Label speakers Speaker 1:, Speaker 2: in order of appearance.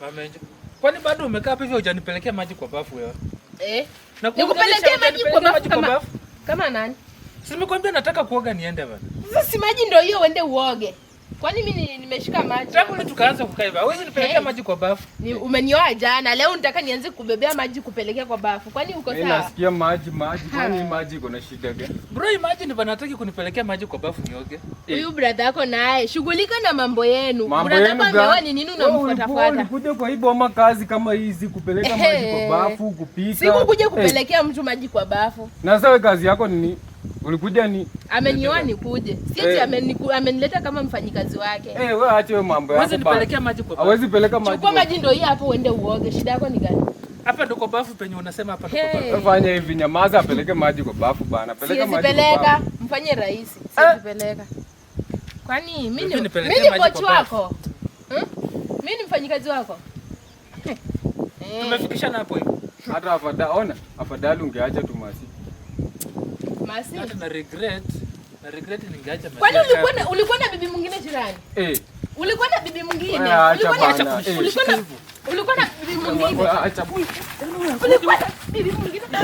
Speaker 1: Pamenjo. Ah. Kwani bado umekaa hapo hivyo hujanipelekea maji kwa bafu wewe?
Speaker 2: Eh. Na kukupelekea maji kwa bafu kama kama nani?
Speaker 1: Simekwambia nataka kuoga niende bana.
Speaker 2: Sasa si maji ndio hiyo uende uoge. Kwani mimi nimeshika maji?
Speaker 1: Tangu leo tukaanza kukaiva. Wewe unipelekea eh. maji kwa bafu.
Speaker 2: Ni umenioa jana, leo nitaka nianze kubebea maji kupelekea kwa bafu. Kwani uko sawa?
Speaker 3: Nasikia maji maji. Kwani ah. maji iko na shida gani?
Speaker 1: Bro, imagine wanataka kunipelekea maji kwa bafu nioge. Eh.
Speaker 2: Huyu brother yako naye, shughulika na mambo yenu. Unataka mmeoa ni nini unamfuata fuata?
Speaker 3: unakuja kwa hii boma kazi kama hizi kupeleka eh. maji kwa bafu, kupika.
Speaker 2: Sikukuja kupelekea mtu maji kwa bafu.
Speaker 3: Na sasa kazi yako ni nini? Ulikuja ni
Speaker 2: Amenioa nikuje. Sisi hey. Eh. Ameniku, amenileta kama mfanyikazi wake.
Speaker 3: Eh, hey, wewe acha wewe mambo yako.
Speaker 1: Wewe nipelekea maji kwa
Speaker 3: bafu. Hawezi peleka maji. Chukua
Speaker 2: maji ndio hii hapo uende uoge. Shida yako ni gani?
Speaker 1: Hapa ndio kwa bafu penye unasema hapa hey. Kwa
Speaker 3: bafu. Fanya hivi nyamaza, apeleke maji kwa bafu bana. Peleka maji.
Speaker 2: Sipeleka. mfanye rais. Eh. Sipeleka. peleka. Kwani mimi mimi ni kochi wako. Hmm? Mimi ni mfanyikazi wako.
Speaker 1: Tumefikishana hapo hivi.
Speaker 3: Hata afadhali, ona, afadhali ungeacha tumasi
Speaker 2: ulikuwa na bibi mwingine jirani? Eh. Ulikuwa na bibi mwingine?
Speaker 3: Eh,
Speaker 2: ulikuwa na bibi mwingine?